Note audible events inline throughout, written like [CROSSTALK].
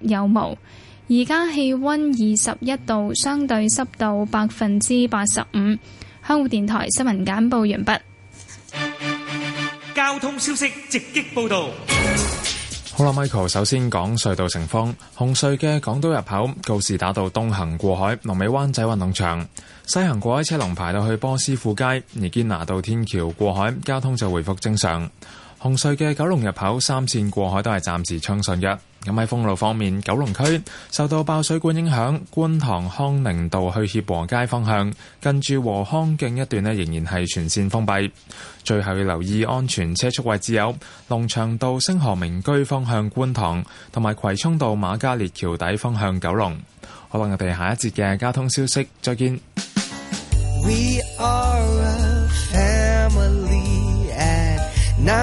有霧，而家氣溫二十一度，相對濕度百分之八十五。香港電台新聞簡報完畢。交通消息直擊報道。好啦，Michael，首先講隧道情況。紅隧嘅港島入口告士打道東行過海，龍尾灣仔運動場；西行過海車龍排到去波斯富街，而堅拿道天橋過海交通就回復正常。紅隧嘅九龍入口三綫過海都係暫時暢順嘅。咁喺封路方面，九龍區受到爆水管影響，觀塘康寧道去協和街方向，近住和康徑一段呢，仍然係全綫封閉。最後要留意安全車速位置有龍翔道星河明居方向觀塘，同埋葵涌道馬嘉烈橋底方向九龍。好啦，我哋下一節嘅交通消息再見。We are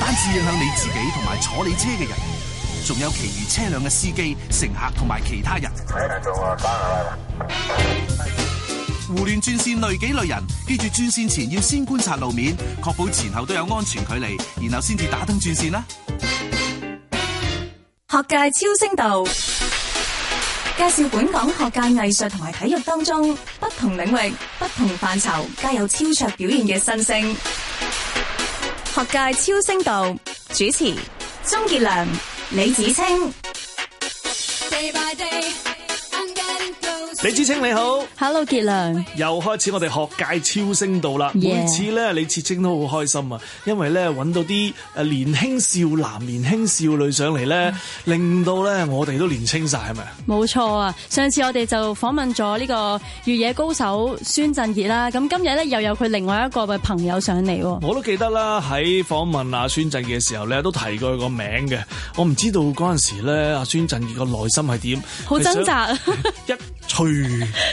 單止影響你自己同埋坐你車嘅人，仲有其餘車輛嘅司機、乘客同埋其他人。喺度啊，打胡亂轉線累己累人，記住轉線前要先觀察路面，確保前後都有安全距離，然後先至打燈轉線啦。學界超新星介紹本港學界、藝術同埋體育當中不同領域、不同範疇皆有超卓表現嘅新星。學界超聲道主持：鍾傑良、李芷菁。Day by day. 李芷菁你好，Hello 傑良。又開始我哋學界超新星啦。Yeah. 每次咧，李芷菁都好開心啊，因為咧揾到啲誒年輕少男、年輕少女上嚟咧，嗯、令到咧我哋都年輕晒係咪？冇錯啊！上次我哋就訪問咗呢個越野高手孫振傑啦。咁今日咧又有佢另外一個嘅朋友上嚟，啊。我都記得啦，喺訪問阿、啊、孫振傑嘅時候咧，都提過佢個名嘅。我唔知道嗰陣時咧，阿、啊、孫振傑個內心係點，好掙扎 [LAUGHS] 一。吹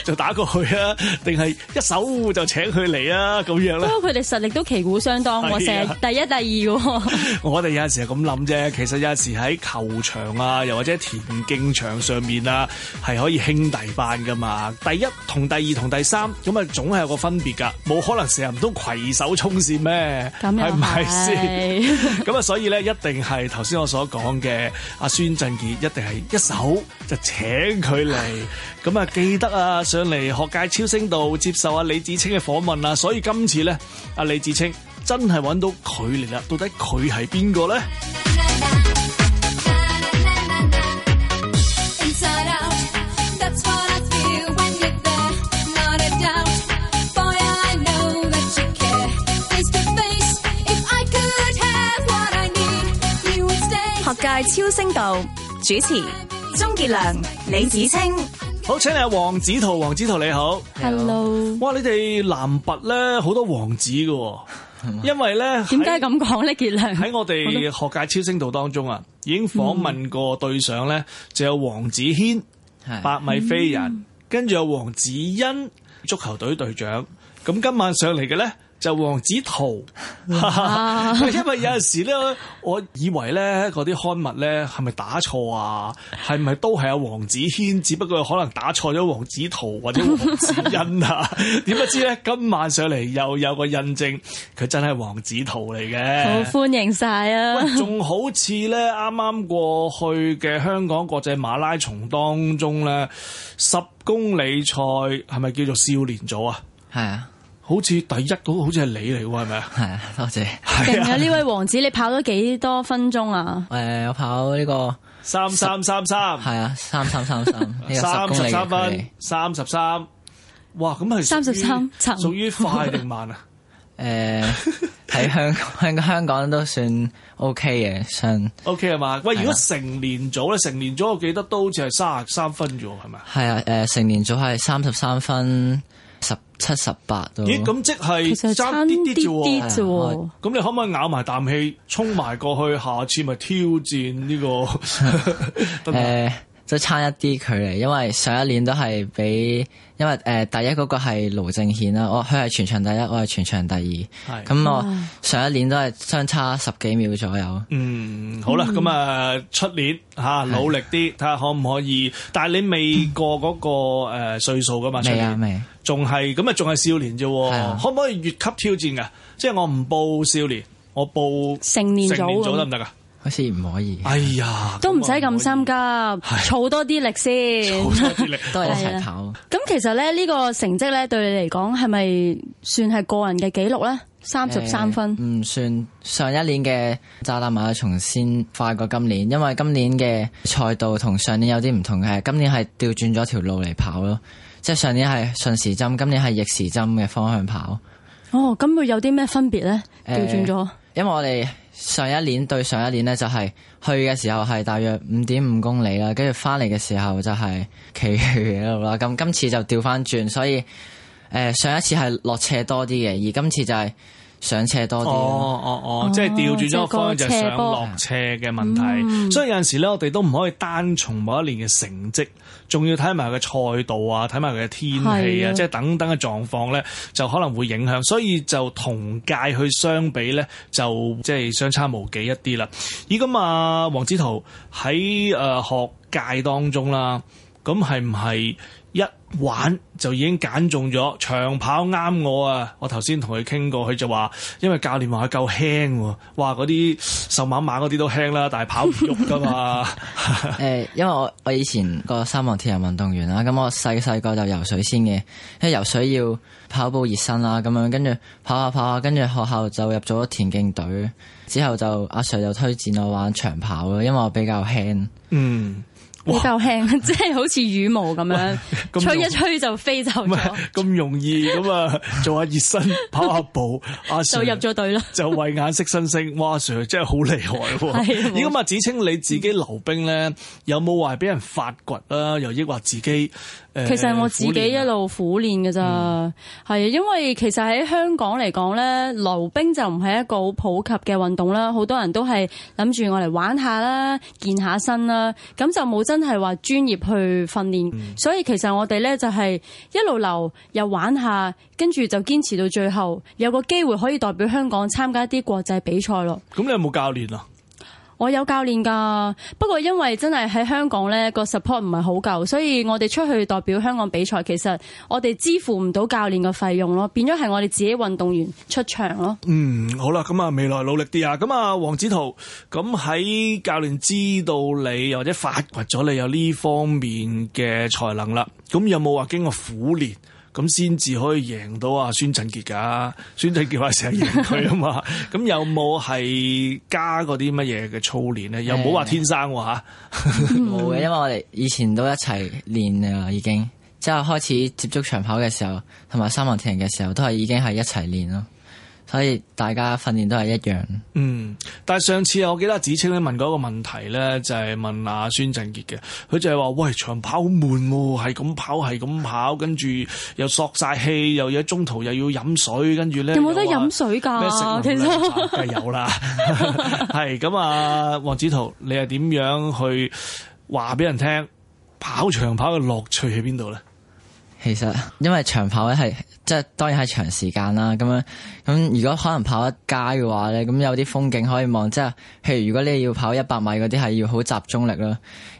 就打過去啊！定係一手就請佢嚟啊？咁樣咯，不過佢哋實力都旗鼓相當，成日第一第二。我哋有陣時係咁諗啫，其實有陣時喺球場啊，又或者田徑場上面啊，係可以兄弟班噶嘛。第一同第二同第三咁啊，總係有個分別噶，冇可能成日都攜手衝線咩？係咪先？咁啊，所以咧，一定係頭先我所講嘅阿孫振杰，一定係一手就請佢嚟咁啊。記得啊，上嚟學界超聲度接受阿李芷菁嘅訪問啊。所以今次咧，阿李芷菁真係揾到佢嚟啦，到底佢係邊個咧？學界超聲度主持鍾傑良、李芷菁。好，請你阿黃子圖，黃子圖你好，Hello，哇，你哋男拔咧好多王子嘅， [LAUGHS] 因為咧，點解咁講咧？杰亮喺我哋學界超星道當中啊，已經訪問過隊長咧，嗯、就有黃子軒，百的米飛人，跟住、嗯、有黃子欣，足球隊隊長，咁今晚上嚟嘅咧。就黃子圖， [LAUGHS] 因為有陣時咧，我以為咧嗰啲刊物咧係咪打錯啊？係咪都係有黃子軒，只不過可能打錯咗黃子圖或者黃子欣啊？點 [LAUGHS] 不知咧？今晚上嚟又有個印證，佢真係黃子圖嚟嘅。好歡迎晒啊！仲好似咧啱啱過去嘅香港國際馬拉松當中咧，十公里賽係咪叫做少年組啊？係啊。好似第一嗰，好似係你嚟喎，係咪啊？係啊，多謝。係啊！呢位王子，你跑咗幾多分鐘啊？誒、 [LAUGHS] 呃，我跑呢個三三三三，係啊，三三三三，三， [LAUGHS] 十三十三分，三十三。哇，咁係三十三，屬於快定慢啊？誒、 [LAUGHS] 呃，喺香喺 [LAUGHS] 香港都算 OK 嘅，算。OK 啊，嘛？喂，如果成年組咧、啊，成年組我記得都好似係卅三分咗，係咪啊？係啊，誒，成年組係三十三分。十七十八，17，咦？咁即係爭啲啲啲啫？咁 [LAUGHS] 你可唔可以咬埋啖氣，衝埋過去？下次咪挑戰呢個誒。即差一啲距離，因為上一年都係比，因為誒第一嗰個係盧正賢啦，我佢係全場第一，我係全場第二，咁是我，上一年都係相差十幾秒左右。嗯，好啦，咁啊出年嚇努力啲，睇下可唔可以？但係你未過嗰個誒歲數噶嘛？嗯、年未啊，未，仲係咁啊，仲係少年啫，可唔可以越級挑戰噶？即係我唔報少年，我報成年組，成年組得唔得啊？好似唔可、哎、可以。哎呀，都唔使咁心急，儲是多啲力先。多啲力，我 [LAUGHS] 一齊跑。咁其實咧，呢個成績咧，對你嚟講係咪算係個人嘅紀錄咧？三十三分，唔、欸、算。上一年嘅渣打馬拉松先快過今年，因為今年嘅賽道同上年有啲唔同嘅，今年係調轉咗條路嚟跑咯。即、就、係、是、上年係順時針，今年係逆時針嘅方向跑。哦，咁會有啲咩分別咧？調轉咗。因為我哋。上一年對上一年咧，就係、是、去嘅時候係大約五點五公里啦，跟住翻嚟嘅時候就係企嘢路啦。咁今次就調翻轉，所以誒、呃、上一次係落斜多啲嘅，而今次就係、是，上斜多啲，哦哦哦，即係調轉咗個方向，就上落斜嘅問題。嗯、所以有陣時咧，我哋都唔可以單從某一年嘅成績，仲要睇埋佢嘅賽道啊，睇埋佢嘅天氣啊，的即係等等嘅狀況咧，就可能會影響，所以就同屆去相比咧，就即係相差無幾一啲啦。咦、嗯，咁、嗯、啊，黃子圖喺誒學界當中啦，咁係唔係？一玩就已經揀中咗長跑啱我啊！我頭先同佢傾過，佢就話因為教練話佢夠輕喎、啊，哇！嗰啲瘦蜢蜢嗰啲都輕啦、啊，但係跑唔喐噶嘛。誒 [LAUGHS] 欸，因為我我以前個三項鐵人運動員啦，咁我細細個就游水先嘅，因為游水要跑步熱身啦，咁樣跟住跑下跑下，跟住學校就入咗田徑隊，之後就阿 Sir 就推薦我玩長跑咯，因為我比較輕。嗯。比較輕，哇即係好似羽毛咁樣，吹一吹就飛走。咁容易咁啊？ [LAUGHS] 做下熱身， [LAUGHS] 跑下步， [LAUGHS] 阿 Sir 就入咗隊咯。 [LAUGHS] 就慧眼識新星，哇！Sir 真係好厲害喎。係的，咁阿芷菁你自己溜冰咧， [LAUGHS] 有冇話俾人發掘啦？又抑或自己？其實我自己一路苦練㗎咋，係、嗯、因為其實喺香港嚟講咧，溜冰就唔係一個好普及嘅運動啦，好多人都係諗住我嚟玩下啦，健下身啦，咁就冇真係話專業去訓練，嗯、所以其實我哋咧就係一路溜，又玩下，跟住就堅持到最後，有個機會可以代表香港參加一啲國際比賽咯。咁你有冇教練啊？我有教練噶，不過因為真係喺香港呢個 support 唔係好夠，所以我哋出去代表香港比賽，其實我哋支付唔到教練嘅費用咯，變咗係我哋自己運動員出場咯。嗯，好啦，咁啊未來努力啲啊，咁啊黃子圖，咁喺教練知道你或者發掘咗你有呢方面嘅才能啦，咁有冇話經過苦練？咁先至可以贏到阿孫振傑㗎，孫振傑話成日贏佢啊嘛。咁 [LAUGHS] 有冇係加嗰啲乜嘢嘅操練咧？ [LAUGHS] 又冇話天生喎？冇嘅，因為我哋以前都一齊練啊，已經即係、就是、開始接觸長跑嘅時候，同埋三萬米嘅時候，都係已經係一齊練咯。所以大家訓練都係一樣。嗯，但係上次啊，我記得芷菁咧問過一個問題咧，就係、是、問阿孫振傑嘅，佢就係話：喂，長跑好悶喎，係咁跑，係咁跑，跑，跟住又索晒氣，又要喺中途又要飲水，跟住咧有冇得飲水噶？其實有啦。係咁 [LAUGHS] [LAUGHS] 啊，黃子圖，你係點樣去話俾人聽跑長跑嘅樂趣喺邊度咧？其實因為長跑咧係即係當然係長時間啦，咁樣咁如果可能跑一街嘅話咧，咁有啲風景可以望，即係譬如如果你要跑一百米嗰啲係要好集中力囉，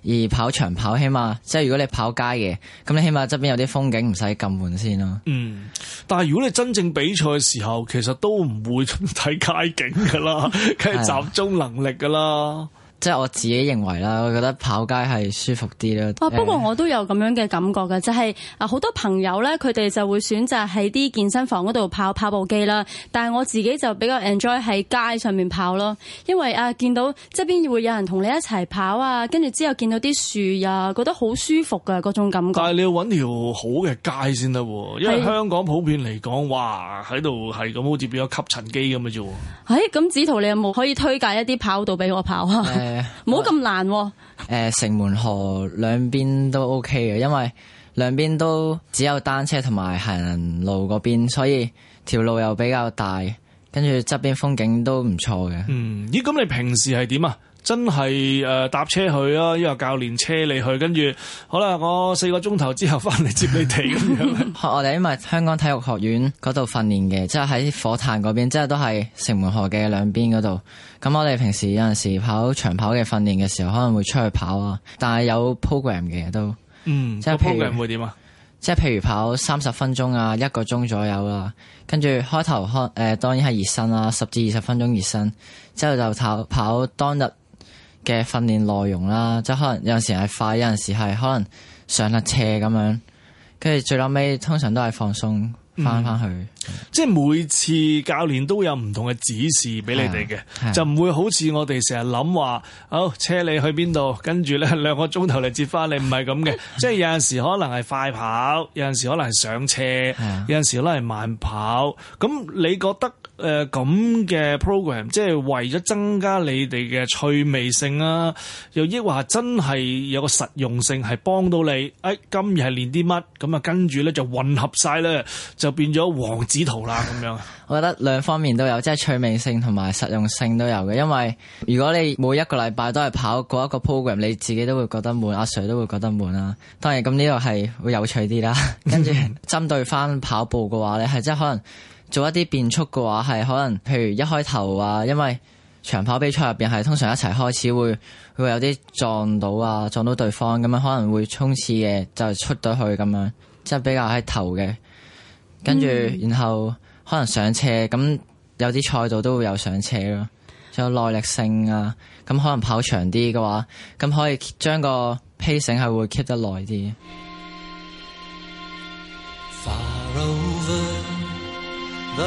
而跑長跑起碼即係如果你跑街嘅，咁你起碼側邊有啲風景唔使咁悶先囉。嗯，但係如果你真正比賽嘅時候，其實都唔會睇街景噶啦，梗係 [LAUGHS] 集中能力噶啦。即係我自己認為啦，我覺得跑街係舒服啲啦。哦，不過、欸、我都有咁樣嘅感覺嘅，就係啊好多朋友咧，佢哋就會選擇喺啲健身房嗰度跑跑步機啦。但係我自己就比較 enjoy 喺街上面跑咯，因為啊見到側邊會有人同你一齊跑啊，跟住之後見到啲樹啊，覺得好舒服嘅嗰種感覺。但係你要揾條好嘅街先得喎，是因為香港普遍嚟講，哇喺度係咁好似變咗吸塵機咁嘅啫喎。咁、欸，子圖你有冇可以推介一啲跑道俾我跑啊？欸誒，冇咁、呃、難、哦，誒、呃，城門河兩邊都 OK 嘅，因為兩邊都只有單車同埋行人路嗰邊，所以條路又比較大，跟住側邊風景都唔錯嘅。嗯，咦，咁你平時係點啊？真係誒搭車去啊，因為教練車你去，跟住好啦，我四個鐘頭之後翻嚟接你哋咁樣。 [LAUGHS] [LAUGHS] 我哋因為香港體育學院嗰度訓練嘅，即係喺火炭嗰邊，即係都係城門河嘅兩邊嗰度。咁我哋平時有陣時跑長跑嘅訓練嘅時候，可能會出去跑啊。但係有 program 嘅都，嗯，即係 program 會點啊？即係譬如跑三十分鐘啊，一個鐘左右啦。跟住開頭開誒當然係熱身啦，十至二十分鐘熱身，之後就跑跑當日嘅訓練內容啦，即係可能有陣時係快，有陣時係可能上下斜咁樣，跟住最後尾通常都係放鬆。翻翻去，嗯、即係每次教練都有唔同嘅指示俾你哋嘅。啊、就唔會好似我哋成日諗話，啊、好車你去邊度，跟住咧兩個鐘頭嚟接翻你，唔係咁嘅。 [LAUGHS] 即係有陣時可能係快跑，有陣時可能係上車，啊、有陣時可能係慢跑。咁你覺得誒咁嘅 program，即係為咗增加你哋嘅趣味性啊，又抑或真係有個實用性係幫到你？誒、哎、今日係練啲乜？咁啊，跟住咧就混合晒咧就。就變咗黃子圖啦，咁樣 [LAUGHS] 我覺得兩方面都有，即係趣味性同埋實用性都有嘅。因為如果你每一個禮拜都係跑嗰一個 program，你自己都會覺得悶，阿 Sir 都會覺得悶啦，啊。當然咁呢個係會有趣啲啦。跟住針對翻跑步嘅話咧，係 [LAUGHS] 即係可能做一啲變速嘅話，係可能譬如一開頭啊，因為長跑比賽入邊係通常一齊開始會會有啲撞到啊，撞到對方咁樣，可能會衝刺嘅就是，出到去咁樣，即係比較喺頭嘅。跟住，然後可能上車，咁有啲賽道都會有上車咯。仲有耐力性啊，咁可能跑長啲嘅話，咁可以將個 pacing 係會 keep 得耐啲。Far over the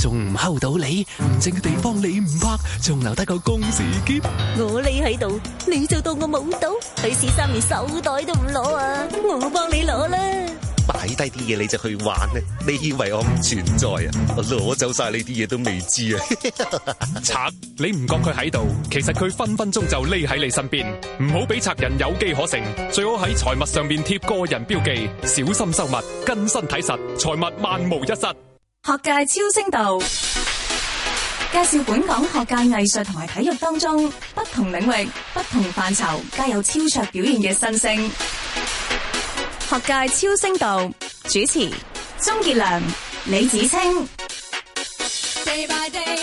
仲唔睺到你？唔正嘅地方你唔拍，仲留低個公事包。我匿喺度，你就當我冇到。女士，三年手袋都唔攞啊，我幫你攞啦。擺低啲嘢你就去玩咧、啊？你以為我唔存在啊？我攞走晒你啲嘢都未知啊！賊， [LAUGHS] 你唔覺佢喺度，其實佢分分鐘就匿喺你身邊。唔好俾賊人有機可乘。最好喺財物上面貼個人標記，小心收物，跟身睇實財物，萬無一失。學界超聲道，介紹本港學界藝術同埋體育當中，不同領域、不同範疇皆有超卓表現嘅新星。學界超聲道，主持：鍾傑良、李芷菁。Day by day，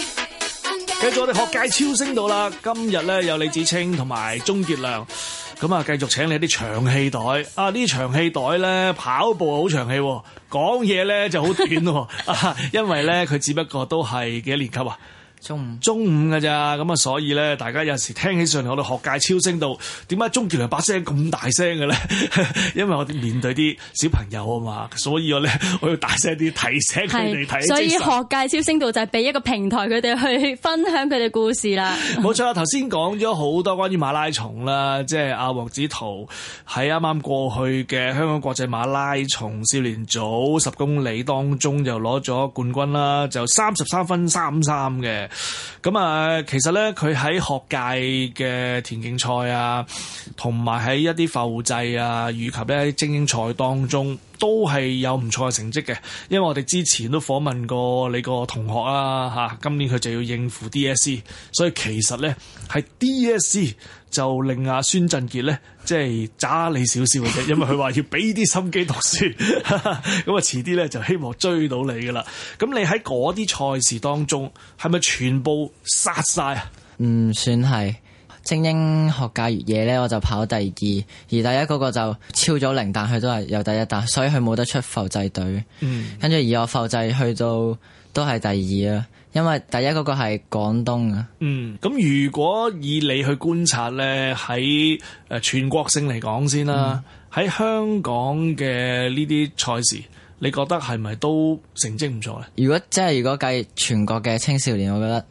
繼續我哋學界超聲道啦，今日呢，有李芷菁同埋鍾傑良。咁啊，繼續請你啲長氣袋啊！袋呢啲長氣袋咧，跑步好長氣，啊，講嘢咧就好短喎，啊 [LAUGHS] 啊，因為咧佢只不過都係幾年級啊。中午，中午嘅，咋咁啊！所以咧，大家有時聽起上嚟，我哋學界超聲度，點解鍾傑良把聲咁大聲嘅咧？ [LAUGHS] 因為我哋面對啲小朋友啊嘛，所以我咧我要大聲啲提醒佢哋。係是，所以學界超聲度就係俾一個平台，佢哋去分享佢哋故事啦。冇錯啦，頭先講咗好多關於馬拉松啦，即係阿黃子圖喺啱啱過去嘅香港國際馬拉松少年組十公里當中就攞咗冠軍啦，就三十三分三三嘅。咁啊、嗯，其實呢，佢喺學界嘅田徑賽啊，同埋喺一啲埠際啊，以及呢精英賽當中，都係有唔錯嘅成績嘅。因為我哋之前都訪問過你個同學啦，吓、啊，今年佢就要應付 DSE，所以其實呢，係 DSE。就令阿孫振傑咧，即係差你少少嘅啫，因為佢話要俾啲心機讀書，咁啊遲啲咧就希望追到你㗎啦。咁你喺嗰啲賽事當中，係咪全部殺晒？啊、嗯？唔算係精英學界越野咧，我就跑第二，而第一嗰個就超咗齡，但佢都係有第一，但所以佢冇得出埠際隊。嗯，跟住而我埠際去到都係第二啊。因為第一個個係廣東啊，嗯，咁如果以你去觀察呢，喺誒全國性嚟講先啦，喺、嗯、香港嘅呢啲賽事，你覺得係咪都成績唔錯咧？如果即係如果計全國嘅青少年，我覺得。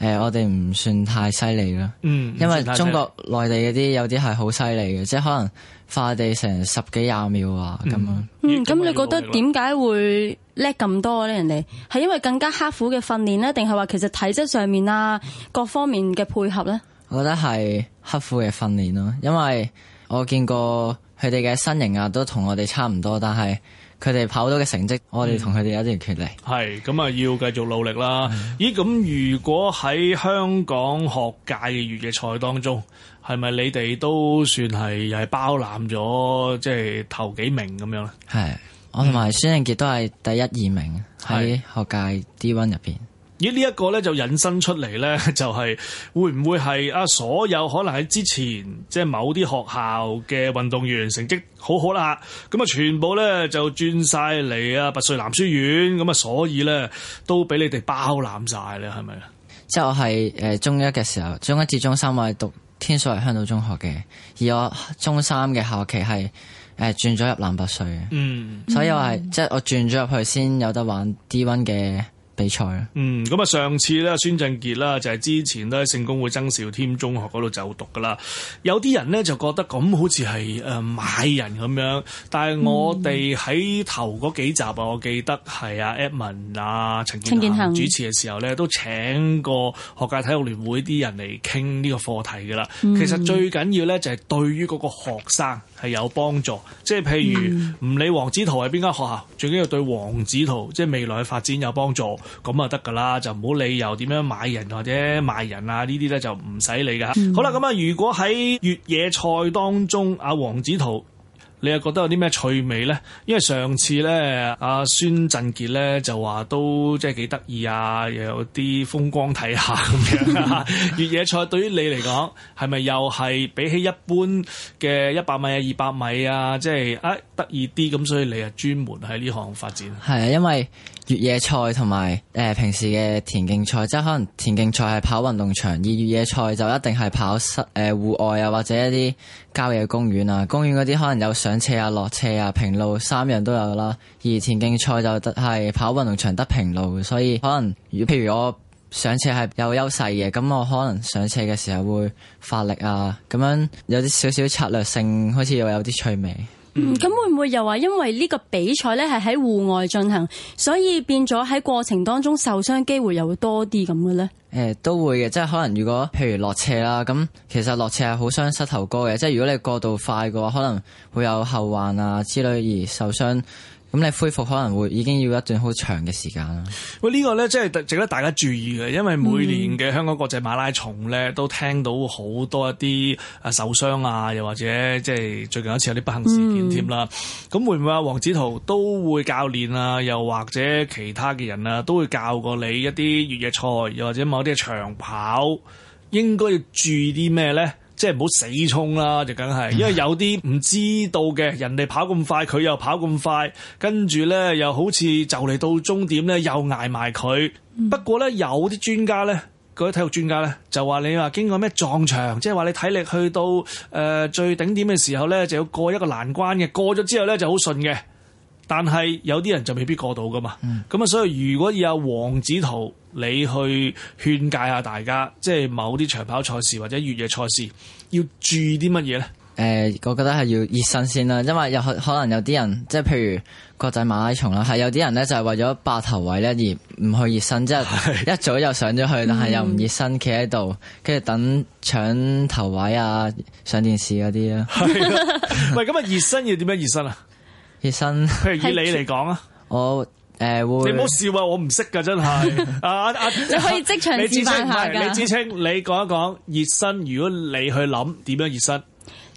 誒、呃，我哋唔算太犀利咯，嗯、因為中國內地嗰啲有啲係好犀利嘅，嗯、即係可能快啲成十幾廿秒啊咁咯。嗯，咁你覺得點解這樣 會叻咁多咧？嗯、人哋係因為更加刻苦嘅訓練咧，定係話其實體質上面啊，各方面嘅配合咧？嗯、我覺得係刻苦嘅訓練咯，因為我見過佢哋嘅身形啊，都同我哋差唔多，但係。佢哋跑到嘅成績，嗯、我哋同佢哋有一定嘅距離。係，咁啊要繼續努力啦。嗯、咦，咁如果喺香港學界嘅越野賽當中，係咪你哋都算係係包攬咗即係頭幾名咁樣咧？係，我同埋孫英杰都係第一二名喺學界 D one 入邊。咦，呢一個咧就引申出嚟咧就係、是、會唔會係啊所有可能喺之前即係某啲學校嘅運動員成績好好啦，咁啊全部咧就轉晒嚟啊拔萃男書院，咁啊所以咧都俾你哋包攬晒啦，係咪啊？即係我係誒中一嘅時候，中一至中三我係讀天水圍香島中學嘅，而我中三嘅下學期係誒轉咗入男拔萃嘅，嗯，所以我係、嗯、即係我轉咗入去先有得玩 D1 嘅。比賽啊，嗯，咁啊，上次咧，孫振傑啦，就係、是、之前咧，聖公會曾肇添，添中學嗰度就讀噶啦。有啲人咧就覺得咁好似係誒買人咁樣，但係我哋喺、嗯、頭嗰幾集啊，我記得係啊 Edmond 啊陳建行建主持嘅時候咧，都請過學界體育聯會啲人嚟傾呢個課題噶啦。嗯、其實最緊要咧就係、是、對於嗰個學生係有幫助，即係譬如唔、嗯、理黃子圖係邊間學校，最緊要對黃子圖即係未來嘅發展有幫助。咁啊得噶啦，就唔好理由點樣買人或者賣人啊，呢啲咧就唔使理噶。嗯、好啦，咁啊如果喺越野賽當中，阿黃子圖，你又覺得有啲咩趣味咧？因為上次咧，阿、啊、孫振杰咧就話都即係幾得意啊，又有啲風光睇下咁樣。 [LAUGHS] [LAUGHS] 越野賽對於你嚟講，係咪又係比起一般嘅一百米啊、二百米啊，即係誒得意啲咁？所以你啊專門喺呢項發展。係啊，因為。越野賽同埋誒平時嘅田徑賽，即係可能田徑賽係跑運動場，而越野賽就一定係跑室誒戶、呃、外啊，或者一啲郊野公園啊。公園嗰啲可能有上斜啊、落斜啊、平路三樣都有啦。而田徑賽就得係跑運動場得平路，所以可能如譬如我上斜係有優勢嘅，咁我可能上斜嘅時候會發力啊，咁樣有啲少少策略性，好似又有啲趣味。嗯，咁會唔會又話、啊、因為呢個比賽咧係喺戶外進行，所以變咗喺過程當中受傷機會又會多啲咁嘅呢？誒、欸，都會嘅，即係可能如果譬如落斜啦，咁其實落斜係好傷膝頭哥嘅，即係如果你過度快嘅話，可能會有後患啊之類而受傷。咁你恢復可能會已經要一段好長嘅時間啦。喂，呢個咧即係值得大家注意嘅，因為每年嘅香港國際馬拉松咧都聽到好多一啲啊受傷啊，又或者即係最近一次有啲不幸事件添啦。咁、嗯、會唔會啊？黃子圖都會教練啊，又或者其他嘅人啊，都會教過你一啲越野賽，又或者某啲長跑應該要注意啲咩咧？即係唔好死衝啦，就梗係，因為有啲唔知道嘅人哋跑咁快，佢又跑咁快，跟住呢又好似就嚟到終點呢，又捱埋佢。嗯。不過呢，有啲專家呢，嗰啲體育專家呢，就話你話經過咩撞牆，即係話你體力去到誒最頂點嘅時候呢，就要過一個難關嘅，過咗之後呢，就好順嘅。但係有啲人就未必過到㗎嘛，咁啊，所以如果有黃子圖你去勸誡下大家，即係某啲長跑賽事或者越野賽事要注意啲乜嘢咧？誒、呃，我覺得係要熱身先啦，因為有可能有啲人即係譬如國際馬拉松啦，係有啲人咧就係為咗霸頭位咧而唔去熱身，是即係一早就上咗去，嗯、但係又唔熱身，企喺度跟住等搶頭位啊，上電視嗰啲啊，唔係咁啊，喂，熱身要點樣熱身啊？ [LAUGHS] 熱身，譬如以你嚟講啊，我誒、呃、會，你唔好笑啊，我唔識噶真係啊啊！ [LAUGHS] uh, uh, 你可以即場指明下，李芷菁，你講一講熱身，如果你去諗點樣熱身。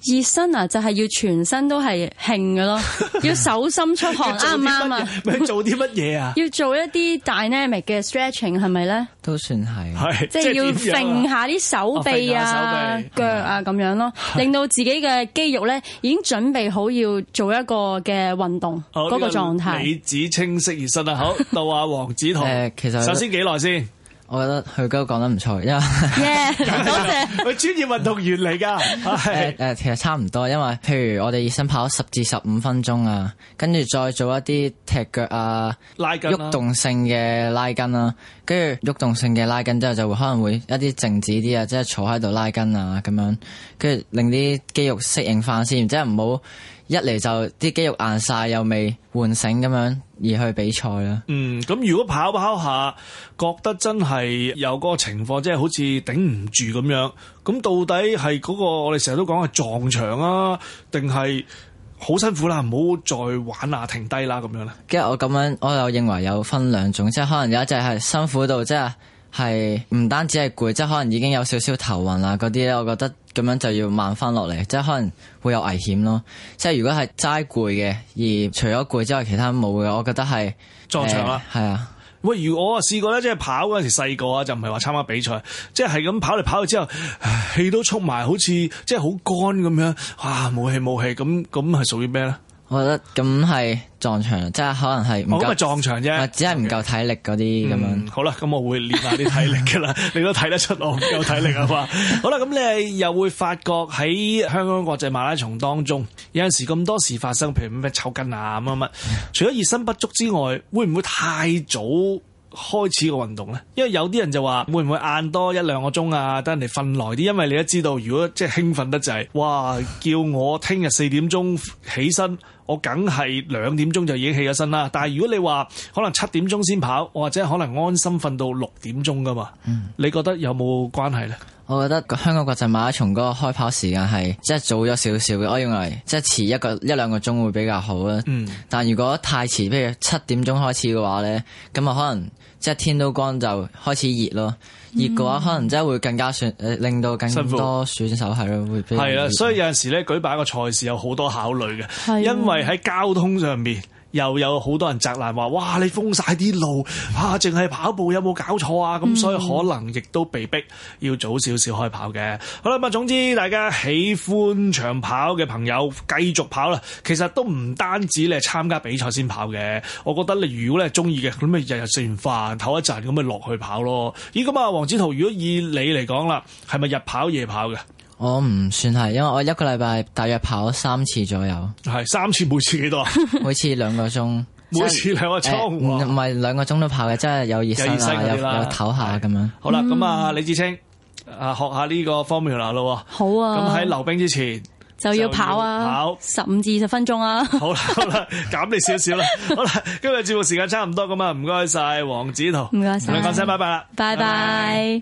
熱身啊，就係、是、要全身都係興嘅咯，要手心出汗啱唔啱啊？咪 [LAUGHS] 做啲乜嘢啊？ [LAUGHS] 要做一啲 dynamic 嘅 stretching 係咪咧？都算係， [LAUGHS] 即係要揈下啲手臂啊、腳、哦、啊咁、啊、的樣咯，令到自己嘅肌肉咧已經準備好要做一個嘅運動嗰好那個狀態。李子清晰熱身啊，好到阿黃子圖。誒、 [LAUGHS] 呃，其實首先幾耐先。我覺得佢都講得唔錯，因為 yeah, [LAUGHS] 多謝，佢專業運動員嚟噶，誒，其實差唔多，因為譬如我哋熱身跑十至十五分鐘啊，跟住再做一啲踢腳啊，拉筋啊，喐動性嘅拉筋啦，跟住喐動性嘅拉筋之後，就會可能會一啲靜止啲啊，即係坐喺度拉筋啊，咁樣，跟住令啲肌肉適應翻先，即係唔好。一嚟就啲肌肉硬晒又未喚醒咁樣而去比賽啦。嗯，咁如果跑跑下，覺得真係有個情況，即係好似頂唔住咁樣，咁到底係嗰個我哋成日都講嘅撞牆啊，定係好辛苦啦，唔好再玩啊，停低啦咁樣咧。跟住我咁樣我又認為有分兩種，即係可能有一隻係辛苦到即係係唔單止係攰，即係可能已經有少少頭暈啦嗰啲咧，我覺得。咁樣就要慢翻落嚟，即係可能會有危險咯。即係如果係齋攰嘅，而除咗攰之外，其他冇嘅，我覺得係撞牆啦，係啊，欸、啊喂，如果我啊試過咧，即係跑嗰陣時細個啊，就唔係話參加比賽，即係係咁跑嚟跑去之後，氣都蓄埋，好似即係好乾咁樣，啊，冇氣冇氣，咁咁係屬於咩咧？我覺得咁係撞牆，即係可能係唔夠，咁咪撞牆啫，只係唔夠體力嗰啲咁樣。嗯、好啦，咁我會練下啲體力噶啦， [LAUGHS] 你都睇得出我唔夠體力係嘛？好啦，咁你又會發覺喺香港國際馬拉松當中，有陣時咁多事發生，譬如咩抽筋啊，乜乜乜。除咗熱身不足之外，會唔會太早？開始個運動呢，因為有啲人就話會唔會晏多一兩個鐘啊？等人哋瞓耐啲，因為你都知道，如果即係興奮得滯，哇！叫我聽日四點鐘起身，我梗係兩點鐘就已經起咗身啦。但係如果你話可能七點鐘先跑，或者可能安心瞓到六點鐘㗎嘛，你覺得有冇關係呢？我覺得香港國際馬拉松嗰個開跑時間係即係早咗少少嘅，我認為即係遲一個一兩個鐘會比較好啦。嗯、但如果太遲，譬如七點鐘開始嘅話咧，咁啊可能即係天都光就開始熱咯，熱嘅、嗯、話可能真係會更加算誒令到更多選手係咯，會係啦。所以有陣時咧，舉辦一個賽事有好多考慮嘅，的因為喺交通上面。又有好多人責難話，哇！你封晒啲路啊，淨係跑步有冇搞錯啊？咁、嗯、所以可能亦都被逼要早少少開跑嘅。好啦，咁啊，總之大家喜歡長跑嘅朋友繼續跑啦。其實都唔單止你係參加比賽先跑嘅。我覺得你如果你係中意嘅，咁咪日日食完飯唞一陣，咁咪落去跑咯。咦？咁啊，黃子圖，如果以你嚟講啦，係咪日跑夜跑嘅？我唔算係，因為我一個禮拜大約跑三次左右。係三次，每次幾多？每次兩個鐘。每次兩個鐘。唔唔係兩個鐘都跑嘅，真係有熱身啦，有有唞下咁樣。好啦，咁啊李芷菁，啊學下呢個 formula 啦。好啊。咁喺溜冰之前就要跑啊，跑十五至二十分鐘啊。好啦好啦，減你少少啦。好啦，今日節目時間差唔多。咁啊，唔該曬，黃子圖，唔該曬，講聲拜拜啦，拜拜。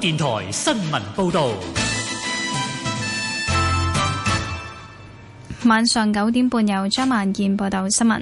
電台新聞報道，晚上九點半有張萬健報道新聞。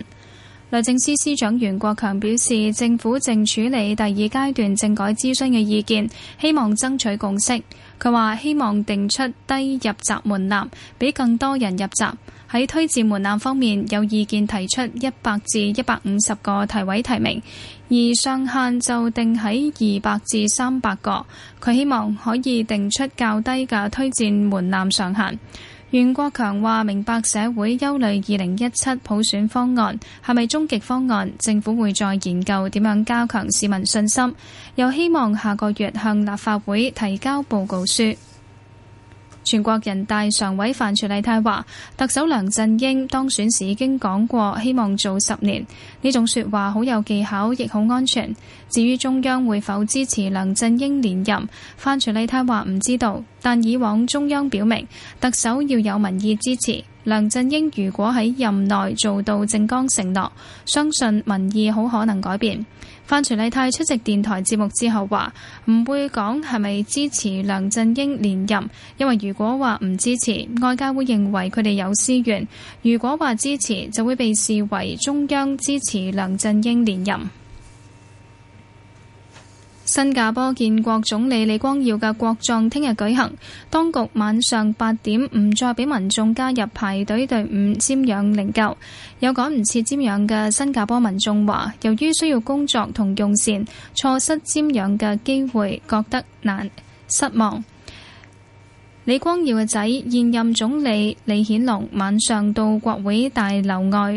律政司司長袁國強表示，政府正處理第二階段政改諮詢嘅意見，希望爭取共識。佢話希望定出低入閘門檻，俾更多人入閘。喺推薦門檻方面有意見提出一百至一百五十個提委提名，而上限就定喺二百至三百個。佢希望可以定出較低嘅推薦門檻上限。袁國強話：明白社會憂慮二零一七普選方案係咪終極方案，政府會再研究點樣加強市民信心，又希望下個月向立法會提交報告書。全國人大常委范徐麗泰話：特首梁振英當選時已經講過希望做十年，呢種説話好有技巧，亦好安全。至於中央會否支持梁振英連任，范徐麗泰話唔知道，但以往中央表明特首要有民意支持。梁振英如果喺任內做到政綱承諾，相信民意好可能改變。范徐麗泰出席電台節目之後話，唔會講係咪支持梁振英連任，因為如果話唔支持，外界會認為佢哋有私怨；如果話支持，就會被視為中央支持梁振英連任。新加坡建國總理李光耀嘅國葬聽日舉行，當局晚上八點唔再俾民眾加入排隊隊伍瞻仰靈柩。有趕唔切瞻仰嘅新加坡民眾話，由於需要工作同用膳，錯失瞻仰嘅機會，覺得難失望。李光耀嘅仔現任總理李顯龍晚上到國會大樓外。